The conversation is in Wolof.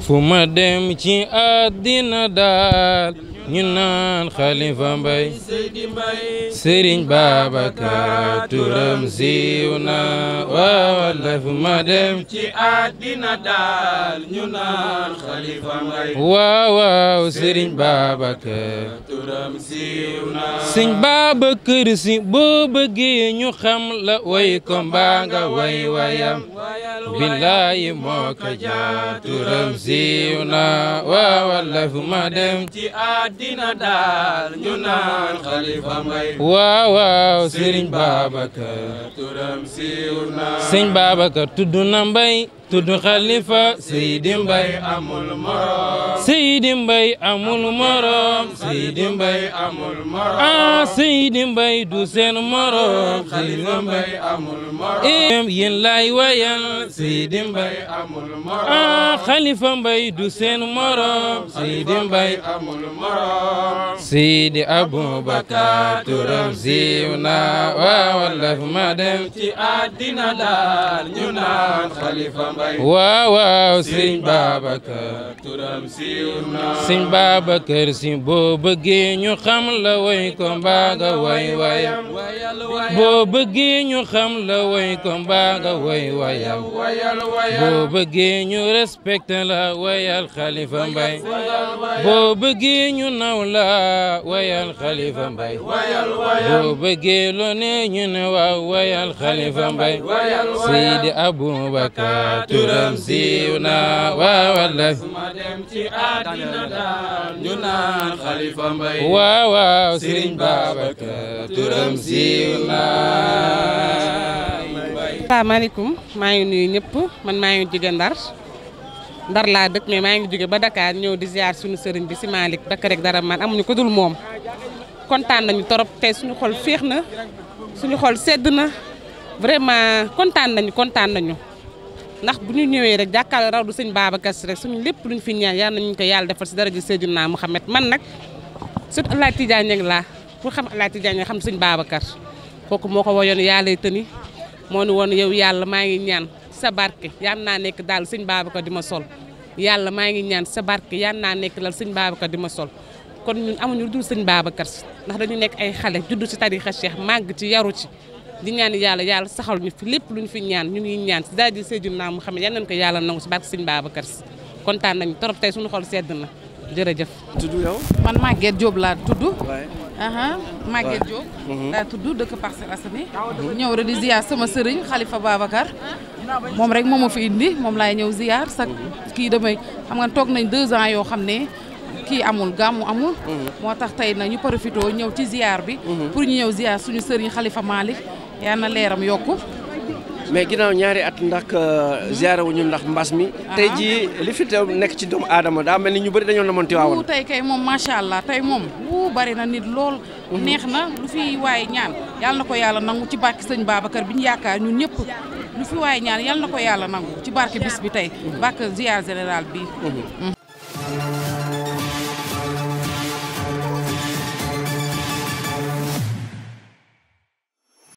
fu ma dem ci àddina daal ñu naan Khalifa Mbaye Serigne Babacar turam siiw na waawal dafa ma dem ci àddina daal ñu naan Khalifa Mbaye waaw waaw Serigne Babacar turam siiw na Serigne Babacar si boo bëggee ñu xam la way ko mbaa ci àddina dina daal ñu naan xalifa mbay. waaw waaw Serigne Babacar. turam siiw na. Serigne Babacar tudd na mbay. tudd mbay amul morom Seydi Mbaye amul morom Seydi Mbaye amul ah, du seen morom xalifa Mbaye amul morom yéen laay wayal Seydi Mbaye amul morom ah xalifa Mbaye morom Seydi Mbaye amul morom Seydi Aboubacar turam siiw na waaw wallaf ma dem ci àddina daal ñu waaw waaw sëñ Babacar turam siiw si boo bëggee ñu xam la way ko mbaaga way wayam boo bëggee ñu xam la way ko mbaaga way wayam boo bëggee ñu respecté la wayal Khalifa Mbaye bëggee ñu naw la wayal Khalifa Mbaye boo bëggee lo ne turam siiw na maa ngi nuyu ñëpp man maa ngi jóge Ndar Ndar laa dëkk mais maa ngi jóge ba dakaar ñëw di ziar suñu sëriñ bi si Malick dakk rek dara man amuñu ko dul moom kontaan nañu torop tey suñu xol féex na suñu xol sedd na vraiment kontaan nañu kontaan nañu ndax bu ñu ñëwee rek jàkkaarloo raw du sëñ Babacar Si rek suñu lépp luñ fi ñaan yal nañu ko yàlla defal si dara ji Seydina Mouhamed man nag sut Alaaji Tijaan Ñaŋ laa pour xam Alaaji Tijaan Ñaŋ xam sëñ Babacar kooku moo ko woyoon yàllay tëni moo ni woon yow yàlla maa ngi ñaan sa barke yal naa nekk daal sëñ Babacar di ma sol yàlla maa ngi ñaan sa barke yal naa nekk lal sëñ Babacar di ma sol kon ñun amuñu dul sëñ Babacar ndax dañu nekk ay xale juddu ci tarixa Cheikh màgg ci yaru ci di ñaan yàlla yàlla saxal ñu fi lépp lu ñu fi ñaan ñu ngi ñaan si daal di Seydina Muhammad yal nañu ko yàlla nangu si barke Sëñ Babacar Si kontaan nañ trop tey suñu xol sedd na jërëjëf. tudd yow. man Maguette Diop laa tudd. waay Maguette Diop. tudd dëkk Parcelles Assainies. Mhm. ñëw rek di ziar sama sëriñ xalifa Babacar. moom rek moom ma fi indi moom laay ñëw ziar sax mhm. kii damay xam nga toog nañ deux ans yoo xam ne. kii amul gàmmu amul mhm. moo tax tey na ñu profité ñëw ci ziar bi pour ñu ñëw ziar suñu sëriñ Khalifa Malick yaa na leeram yokk mais ginaaw ñaari at ndax euh, ziare wuñu ndax mbas mi. tey ji li fi teew nekk ci doomu aadama daa mel ni ñu bëri dañoo namoon Tiwaawan. tey kay moom macha allah tey moom bu bari na nit lool. Mhm. neex na lu fi waaye ñaan yal na ko yàlla nangu ci barke sëñ Babacar bi ñu yaakaar ñun ñëpp lu fi waaye ñaan yal na ko yàlla nangu ci barke bis bi tey. Mhm. barke ziar général bi. Mhm.